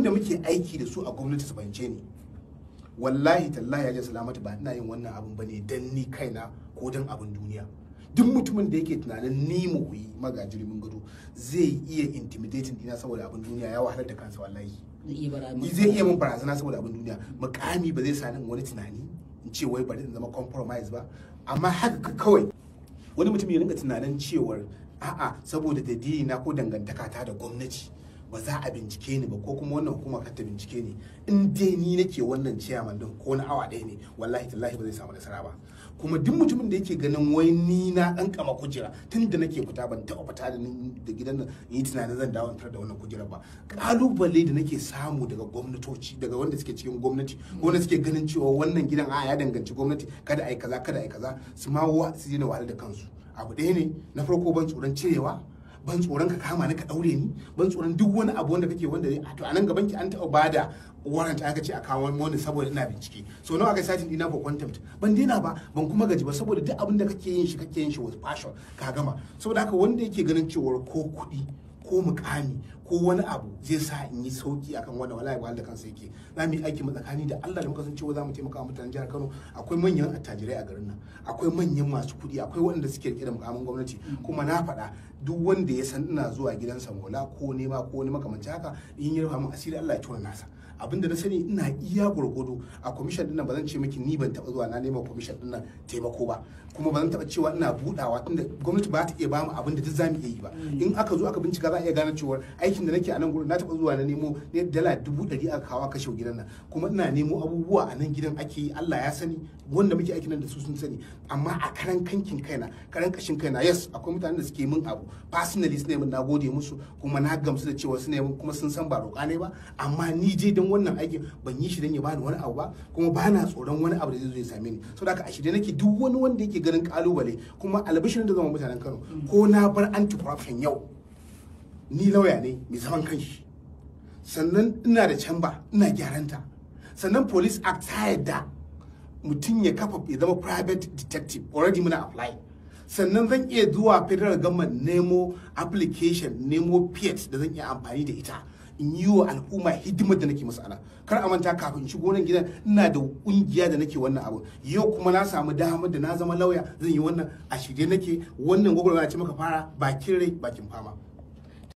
wanda muke aiki da su a gwamnati su bance ni wallahi tallahi ya ji salamatu ba ina yin wannan abin ne dan ni kaina ko dan abin duniya duk mutumin da yake tunanin ni mu koyi magajiri mun gado zai iya intimidating dina saboda abin duniya ya wahalar da kansa wallahi zai iya mun barazana saboda abin duniya mukami ba zai sani wani tunani in ce wai bari in zama compromise ba amma haka kawai wani mutum ya ringa tunanin cewar a'a saboda dalili na ko dangantaka ta da gwamnati ba za a bincike ni ba ko kuma wannan hukuma ka ta bincike ni in dai ni nake wannan ciyaman din ko na awa ɗaya ne wallahi tallahi ba zai samu nasara ba kuma duk mutumin da yake ganin wai ni na dan kama kujera tun da nake fita ban taɓa fita da ni da gidan nan yi tunanin zan dawo da wannan kujera ba kalubale da nake samu daga gwamnatoci daga wanda suke cikin gwamnati wanda suke ganin cewa wannan gidan a ya danganci gwamnati kada ai kaza kada ai kaza su ma wa su yi wahala da kansu abu ɗaya ne na farko ban tsoron cirewa ban tsoron ka kama ni ka daure ni ban tsoron duk wani abu wanda kake wanda to a nan gaban ki an taɓa bada warrant aka ce a kawo wani saboda ina bincike so nawa aka satin dina for contempt ban daina ba ban kuma gaji ba saboda duk abin da kake yin shi kake yin shi with passion ka gama saboda haka wanda yake ganin cewa ko kuɗi ko mukami ko wani abu zai sa in yi sauki akan wannan wala ba da kansa yake za mu yi aiki mu tsakani da Allah da muka san cewa za mu taimaka mutanen jihar Kano akwai manyan attajirai a garin nan akwai manyan masu kuɗi akwai waɗanda suke rike da mukamin gwamnati kuma na faɗa duk wanda ya san ina zuwa gidansa samola ko nema ko wani makamanci haka in yi rufa mu asiri Allah ya tura nasa abinda na sani ina iya gurgudu a kwamishin dinnan ba zan ce miki ni ban taɓa zuwa na nema kwamishin dinnan taimako ba kuma ba zan taɓa cewa ina buɗawa tunda gwamnati ba ta iya bamu abin da duk zamu iya yi ba mm. in aka zo aka bincika za a iya gane cewa aikin da nake a nan gurin na taɓa zuwa na nemo ne dala dubu ɗari aka kawo kashe gidan nan kuma ina nemo abubuwa a nan gidan ake yi Allah ya sani wanda muke aikin nan da su sun sani amma a karan kankin kaina karan kashin kaina yes akwai mutanen da suke min abu personally su ne min na gode musu kuma na gamsu da cewa su ne min kuma sun san ba roƙa ne ba amma ni je don wannan aikin ban yi shi don ya bani wani abu ba kuma ba na tsoron wani abu da zai zo ya same ni saboda haka a shirye nake duk wani wanda yake ganin kalubale kuma albishirin da zama mutanen Kano ko na bar anti corruption yau ni lauya ne mai zaman kanshi sannan ina da camba ina gyaran ta sannan police act ta yadda mutum ya kafa ya zama private detective already muna apply sannan zan iya zuwa federal government nemo application nemo piet da zan iya amfani da ita in yi wa al'umma hidimar da nake masu ana kar a manta kafin shigo nan gidan ina da kungiya da nake wannan abu yau kuma na samu damar da na zama lauya zan yi wannan a shirye nake wannan gwagwarmaya ce maka fara bakin rai bakin fama